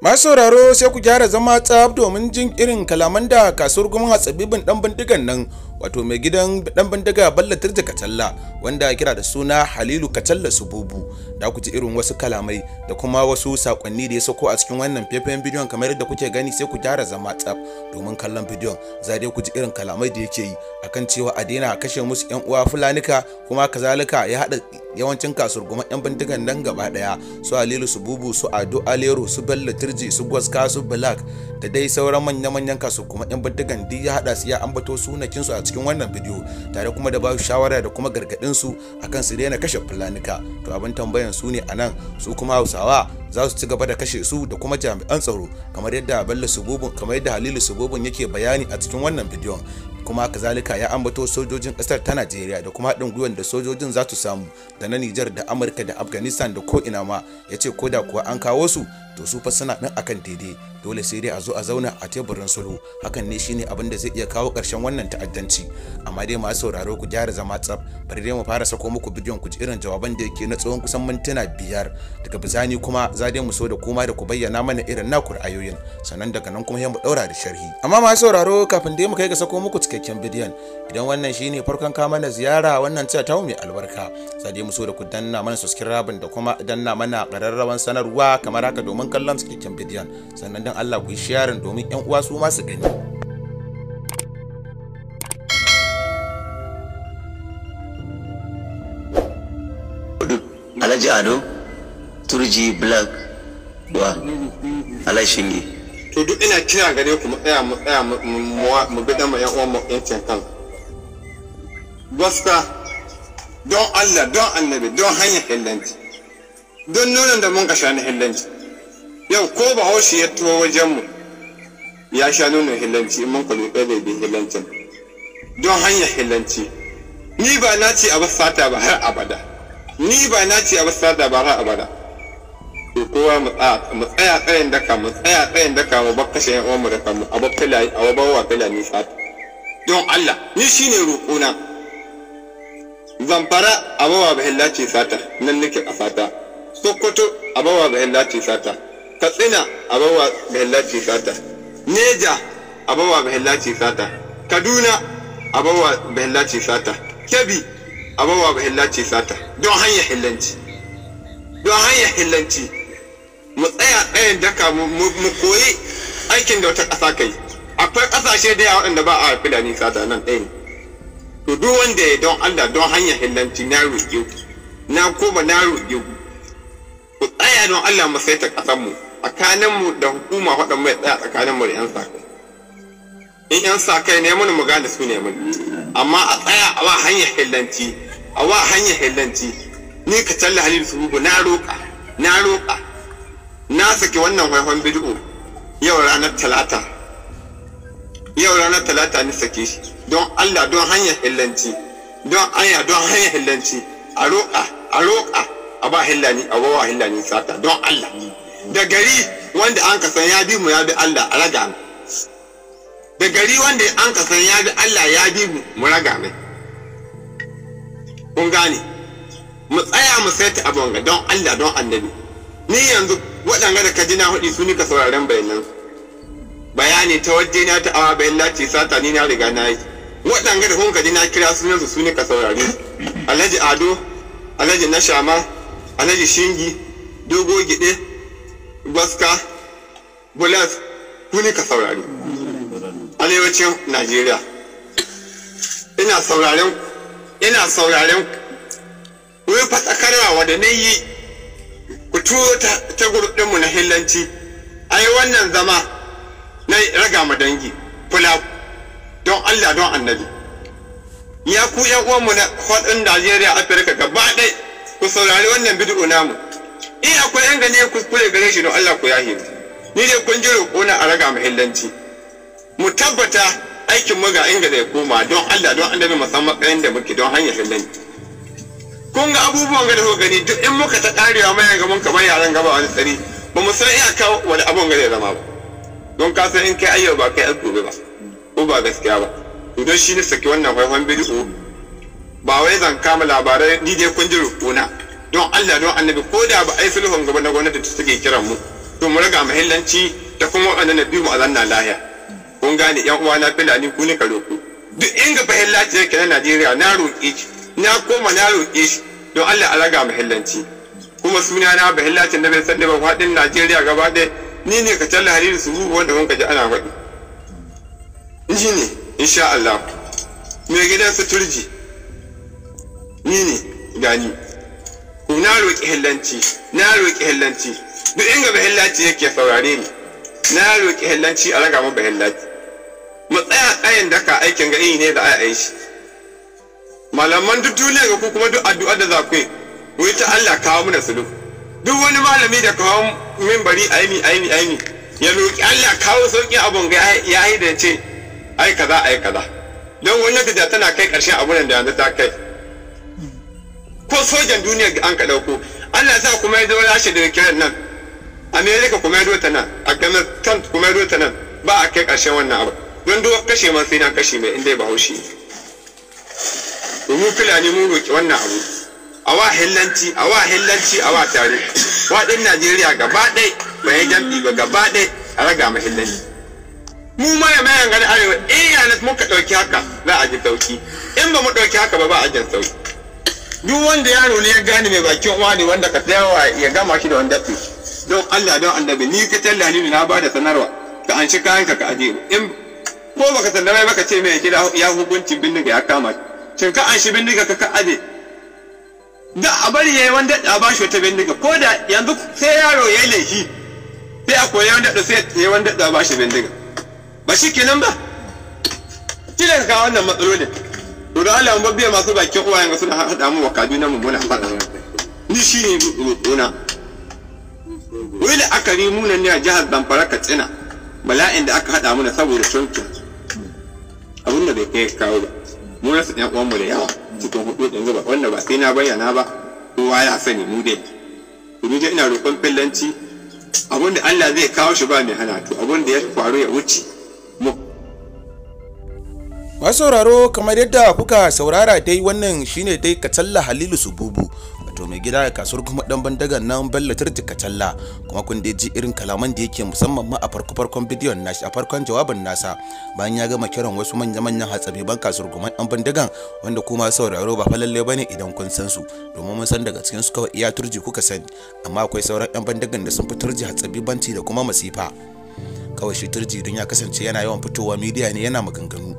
masu sauraro sai ku gyara zama tsab domin jin irin kalaman da kasuwar gumin hatsabibin dan bindigan nan wato mai gidan dan bindiga ballatar da katalla wanda kira da suna halilu katalla sububu da ku ji irin wasu kalamai da kuma wasu sakonni da ya sako a cikin wannan faifayen bidiyon kamar yadda kuke gani sai ku gyara zama tsab domin kallon bidiyon za dai ku ji irin kalamai da yake yi akan cewa a daina kashe musu yan uwa fulanika kuma kazalika ya haɗa yawancin goma 'yan bindigan nan gaba daya su alilu su bubu su ado alero su bello turji su gwaska su black da dai sauran manya-manyan kuma 'yan bindigan duk ya hada su ya ambato sunakin su a cikin wannan bidiyo tare kuma da ba shawara da kuma gargadin su akan su daina kashe fulanika to abin tambayan su ne anan su kuma hausawa za su ci gaba da kashe su da kuma jami'an tsaro kamar yadda bello sububun kamar yadda halilu yake bayani a cikin wannan bidiyon kuma kazalika ya ambato sojojin kasar ta najeriya da kuma haɗin gwiwan da sojojin za su samu da na nijar da amurka da afghanistan da ko ina ma yace ce ko da kuwa an kawo su to su fa suna nan akan daidai dole sai dai a zo a zauna a teburin sulhu hakan ne shine abin da zai iya kawo karshen wannan ta'addanci amma dai masu sauraro ku gyara zama tsaf bari dai mu fara sako muku bidiyon ku ji irin jawaban da yake na tsawon kusan mintuna biyar daga bizani kuma za dai mu so da kuma da ku bayyana mana irin ku ra'ayoyin sannan daga nan kuma sai mu daura da sharhi amma masu sauraro kafin dai mu kai ga sako muku cikakken bidiyon idan wannan shine farkon ka mana ziyara wannan cewa ta mai albarka za dai mu so da ku danna mana subscribe da kuma danna mana ƙararrawan sanarwa kamar haka domin kallon cikakken bidiyon sannan don Allah ku yi sharing domin 'yan uwa su ma su gani. alhaji ado turji black wa alai shinge to duk ina kira gare ku mu tsaya mu tsaya mu bi dama yan uwan mu yancin kan gaska don Allah don annabi don hanyar hillanci don nuna da mun kasha na hillanci yau ko bahaushe ya tuwo wajenmu ya sha nuna hillanci mun kwalli ɗaya bai hillancin don hanya hillanci ni ba na ce abu sata ba har abada ni ba na ce abu sata ba har abada to kowa mu tsaya tsayin daka mu tsaya tsayin daka mu bar kashe yan uwanmu da kamu a bar filaye a bar wa filaye sata don Allah ni shine roƙona zamfara a bawa ba hillaci sata nan nake a sata sokoto a bawa ba hillaci sata katsina a bawa mahallaci sata neja a bawa mahallaci sata kaduna a bawa mahallaci sata kebbi a bawa mahallaci sata don hanyar hillanci don hanyar hillanci mu tsaya tsayin daka mu koyi aikin da wata ƙasa kai akwai ƙasashe da yawa da ba a fulani sata nan ɗaya to duk wanda ya don allah don hanyar hillanci na roƙe na koma na roƙe ku tsaya don allah mu saita ƙasarmu mu tsakaninmu da hukuma faɗan mai tsaya tsakaninmu da 'yan sa kai in 'yan sa kai ne mun mu gane su ne mun amma a tsaya a wa hanyar hillanci a wa hanyar hillanci ni ka talla halilu su na roƙa na roƙa na saki wannan haifan bidiyo yau ranar talata yau ranar talata ni sake shi don allah don hanyar hillanci don aya don hanyar hillanci a roƙa a roƙa a ba hillani a wa hillani sata don allah da gari wanda an kasan ya bi mu ya bi Allah a raga mu da gari wanda an kasan ya bi Allah ya bi mu mu raga mai kun gane mu tsaya mu saita abin ga don Allah don annabi ni yanzu waɗanga da kaji na hudi su ni ka sauraren bayanan bayani ta waje na ta awa bayan lati sata ni na riga na yi waɗanga da kun kaji na kira sunan su su ni ka saurare alhaji ado alhaji nashama alhaji shingi dogo gide baska bulas kuni ka saurari arewacin najeriya ina sauraren ina sauraren wai fatsakarwa da na yi ku ta gurɗinmu na hillanci yi wannan zama na raga mu dangi kula don allah don annabi ya ku yan uwanmu na hudun najeriya afirka gaba ɗai ku saurari wannan bidiyo namu in akwai inda ku kuskure gare shi don Allah ku yahe ni dai kun ji na a raga muhillanci mu tabbata aikin mu ga inda zai koma don Allah don annabi musamman kayan da muke don hanyar hillanci kun ga abubuwan ga da kuka gani duk in muka ta karewa mai ga mun kamar yaran gaba wani tsari ba mu san iyaka wani abun ga zai zama ba don ka san in kai ayyau ba kai gobe ba ko ba gaskiya ba to don shi ne saki wannan faifan bidiyo ba wai zan kama labarai ni dai kun ji na don Allah don annabi ko da ba a sulhun gaba na gwamnati ta take kiran mu to mu raga muhimmanci da kuma wannan nabi mu azanna lahiya kun gane yan uwa na filani ku ne ka roƙo duk ga fahillaci yake na Najeriya na roƙe shi na koma na roƙe shi don Allah a raga muhimmanci kuma suna na fahillaci na bai san ba faɗin Najeriya gaba ɗaya ni ne ka talla hariri su ruhu wanda kun ji ana faɗi ni ne insha Allah mai gidan su turji ni ne gani na roƙi hillanci na roƙi hillanci duk inga hillanci yake saurare ni na roƙi hillanci a raga mun bahillanci mu tsaya tsayin da ka aikin ga ne da a yi shi malaman duk duniya ga ku kuma duk addu'a da za ku yi ta Allah kawo mana sulu duk wani malami da kawo mimbari aini aini aini ya roƙi Allah kawo sauƙi abun ga ya yi da ce ai kaza ai kaza don wani da tana kai ƙarshen abun da yanzu ta kai ko sojan duniya an ka ɗauko Allah sa kuma ya zo lashe da kiran nan Amerika kuma ya zo ta nan Afghanistan kuma ya zo ta nan ba a kai ƙarshen wannan abu don duk kashe ma sai na kashe mai inda ba haushi mu fulani mun roƙi wannan abu a wa hillanci a wa hillanci a wa tare waɗin Najeriya gaba ɗai ba ya jambi ba gaba ɗai a raga ma hillanci mu ma ya mayan gani arewa in yana muka ɗauki haka za a ji sauki in ba mu ɗauki haka ba ba a ji sauki duk wanda yaro ne ya gane mai bakin uwa ne wanda ka tsayawa ya gama shi da wanda ke? don Allah don annabi ni ka talla ni na ba da sanarwa ka an shi kayan ka ka ajiye in ko baka mai baka ce mai gida ya hukuncin bindiga ya kama shin ka an shi bindiga ka ka aje da a bari yayi wanda a ba shi wata bindiga ko da yanzu sai yaro yayi laifi sai a koyi wanda da sai yayi wanda da ba shi bindiga ba shi kenan ba kidan ka wannan matsalolin to da Allah mabbiya masu bakin uwayen suna hada mu wa Kaduna mu muna fara ni shi ne wai wani aka yi mu ne a jihar Zamfara Katsina bala'in da aka hada muna saboda shonkin abin da bai kai kawo ba mu rasa ɗan uwanmu da yawa cikin hudu ɗin zuba wanda ba sai na bayyana ba kowa ya sani mu dai domin ina roƙon fillanci abin da Allah zai kawo shi ba mai hana to abin da ya faru ya wuce masu sauraro kamar yadda kuka saurara dai wannan shine dai katsalla halilu sububu wato mai gida a kasuwar kuma dan bandagan nan bello turji katsalla kuma kun dai ji irin kalaman da yake musamman ma a farko farkon bidiyon nashi a farkon jawabin nasa bayan ya gama kiran wasu manya manyan hatsabi ban kasuwar kuma dan bandagan wanda kuma sauraro ba falalle bane idan kun san su domin mun san daga cikin su kawai iya turji kuka sani amma akwai sauran yan bandagan da sun fi turji hatsabi banci da kuma masifa kawai shi turji don ya kasance yana yawan fitowa midiya ne yana maganganu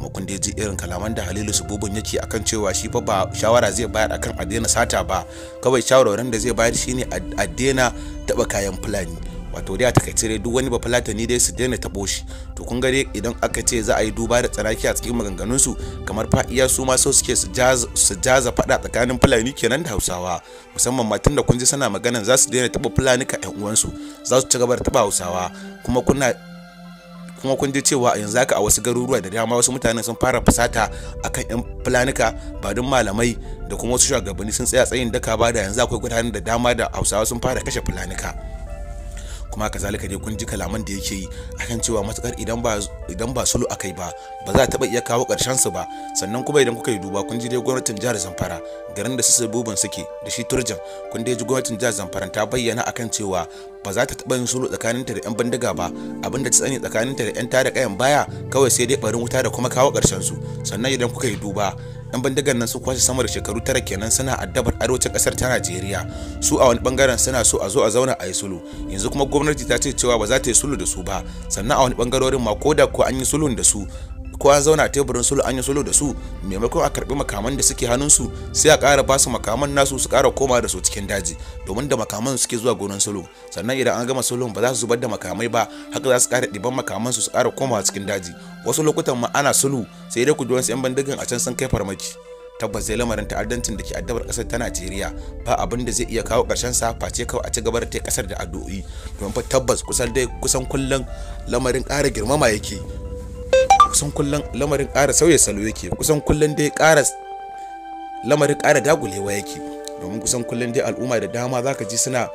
kuma kun dai ji irin kalaman da Halilu Sububun yake akan cewa shi fa ba shawara zai bayar akan a daina sata ba kawai shawarwarin da zai bayar shine a daina taba kayan fulani wato dai a takaice dai duk wani ne dai su daina tabo shi to kun ga dai idan aka ce za a yi duba da tsaraki a cikin maganganun su kamar fa iya su ma so suke su jaza fada tsakanin fulani kenan da Hausawa musamman ma tunda kun ji sana maganan za su daina taba fulani ka ƴan uwansu za su ci gaba da taba Hausawa kuma kuna kuma kun ji cewa yanzu haka a wasu garuruwa da dama wasu mutane sun fara fusata akan yan fulanika ba don malamai da kuma wasu shugabanni sun tsaya tsayin daka ba da yanzu akwai gudanar da dama da hausawa sun fara kashe fulanika kuma kazalika ne kun ji kalaman da yake yi akan cewa matukar idan ba idan ba sulu akai ba ba za ta taba iya kawo karshen su ba sannan kuma idan kuka yi duba kun ji dai gwamnatin jihar Zamfara garin da su buban suke da shi turjan kun dai ji gwamnatin jihar Zamfara ta bayyana akan cewa ba za ta taba yin sulu tsakanin ta da 'yan bandiga ba abinda ta tsani tsakaninta da 'yan tada kayan baya kawai sai dai barin wuta da kuma kawo karshen su sannan idan kuka yi duba yan bandagan nan su kwashe sama da shekaru tara kenan suna addabar arewacin kasar ta Najeriya su a wani bangaren suna so a zo a zauna a yi sulu yanzu kuma gwamnati ta ce cewa ba za ta yi sulhu da su ba sannan a wani bangarorin ma da ko an yi sulun da su ko an zauna teburin sulhu an yi sulhu da su maimakon a karbi makaman da suke hannun su sai a kara basu makaman nasu su kara koma da su cikin daji domin da makaman suke zuwa gonan sulhu sannan idan an gama sulhun ba za su zubar da makamai ba haka za su ƙara ɗiban makaman su su ƙara komawa cikin daji wasu lokutan ma ana sulhu sai dai ku ji wasu 'yan bandigan a can sun kai farmaki. tabbas zai lamarin ta'addancin da ke addabar kasar ta Najeriya ba abin da zai iya kawo karshen sa face kawai a ci gaba da ta kasar da addu'o'i domin fa tabbas kusan dai kusan kullum lamarin ƙara girmama yake kusan kullum lamarin ƙara sauya salo yake kusan kullum dai ƙara lamarin ƙara dagulewa yake domin kusan kullum dai al'umma da dama zaka ji suna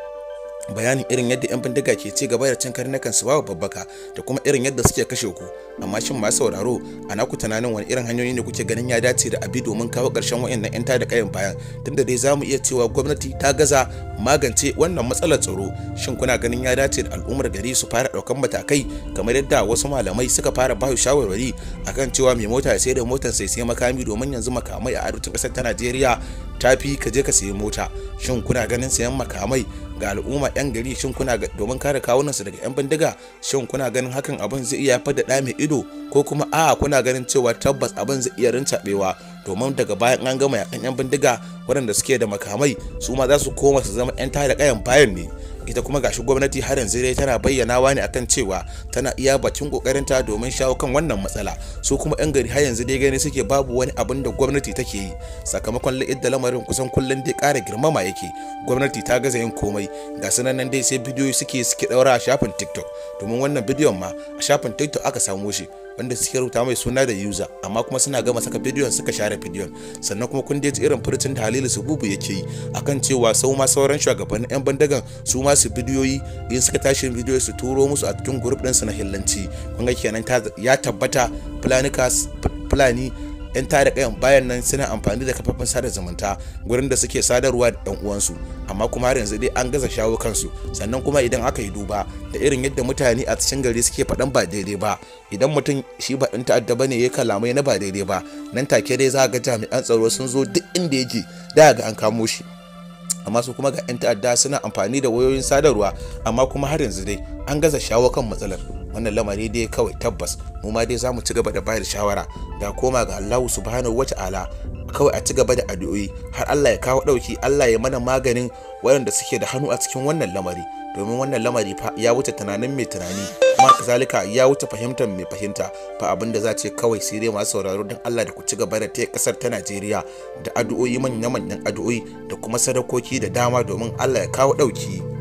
bayanin irin yadda 'yan bindiga ke ci gaba da cin karnukan su babu babbaka da kuma irin yadda suke kashe ku amma shin masu sauraro ana ku tunanin wani irin hanyoyi ne kuke ganin ya dace da abi domin kawo ƙarshen wa'annan 'yan tada kayan bayan tunda dai zamu iya cewa gwamnati ta gaza magance wannan matsalar tsaro shin kuna ganin ya dace da al'ummar gari su fara ɗaukan matakai kamar yadda wasu malamai suka fara bayu shawarwari akan cewa mai mota ya sai da motar sai sai makami domin yanzu makamai a arewacin kasar ta Najeriya tafi ka je ka sayi mota shin kuna ganin sayan makamai ga al'umma yan gari shin kuna domin kare kawunansu daga yan bindiga shin kuna ganin hakan abin zai iya faɗaɗa mai ido ko kuma a kuna ganin cewa tabbas abin zai iya rincaɓewa domin daga bayan an gama yakan yan bindiga waɗanda suke da makamai su ma za su koma su zama yan da kayan bayan ne ita kuma gashi gwamnati har yanzu dai tana bayyanawa ne akan cewa tana iya bakin kokarinta domin shawo kan wannan matsala su kuma yan gari har yanzu dai gani suke babu wani abin da gwamnati take yi sakamakon la'id da lamarin kusan kullum dai ƙara girmama yake gwamnati ta gaza yin komai ga sanannen dai sai bidiyoyi suke suke daura a shafin tiktok domin wannan bidiyon ma a shafin tiktok aka samo shi wanda suke rubuta mai suna da user amma kuma suna gama saka bidiyon suka share bidiyon sannan kuma kun ji irin furcin da halilu sububu yake yi akan cewa sau ma sauran shugabannin yan bandagan su ma su bidiyoyi in suka tashi bidiyo su turo musu a cikin group su na hillanci kun ga kenan ya tabbata planikas plani 'yan tare kayan bayan nan suna amfani da kafafen sada zumunta gurin da suke sadarwa da ɗan uwansu amma kuma har yanzu dai an gaza shawo kansu sannan kuma idan aka yi duba da irin yadda mutane a cikin gari suke faɗan ba daidai ba idan mutum shi ba ɗan ta'adda ba ne ya kalamai na ba daidai ba nan take dai za ga jami'an tsaro sun zo duk inda yake da ga an kamo shi amma su kuma ga 'yan ta'adda suna amfani da wayoyin sadarwa amma kuma har yanzu dai an gaza shawo kan matsalar wannan lamari dai kawai tabbas mu ma dai zamu ci gaba da bayar shawara da koma ga Allah subhanahu wata'ala kawai a ci gaba da addu'o'i har Allah ya kawo dauki Allah ya mana maganin waɗanda suke da hannu a cikin wannan lamari domin wannan lamari fa ya wuce tunanin mai tunani kuma kazalika ya wuce fahimtar mai fahimta fa abin da za ce kawai sai dai masu sauraro don Allah da ku ci gaba da ta kasar ta Najeriya da addu'o'i manya-manyan addu'o'i da kuma sadakoki da dama domin Allah ya kawo ɗauki.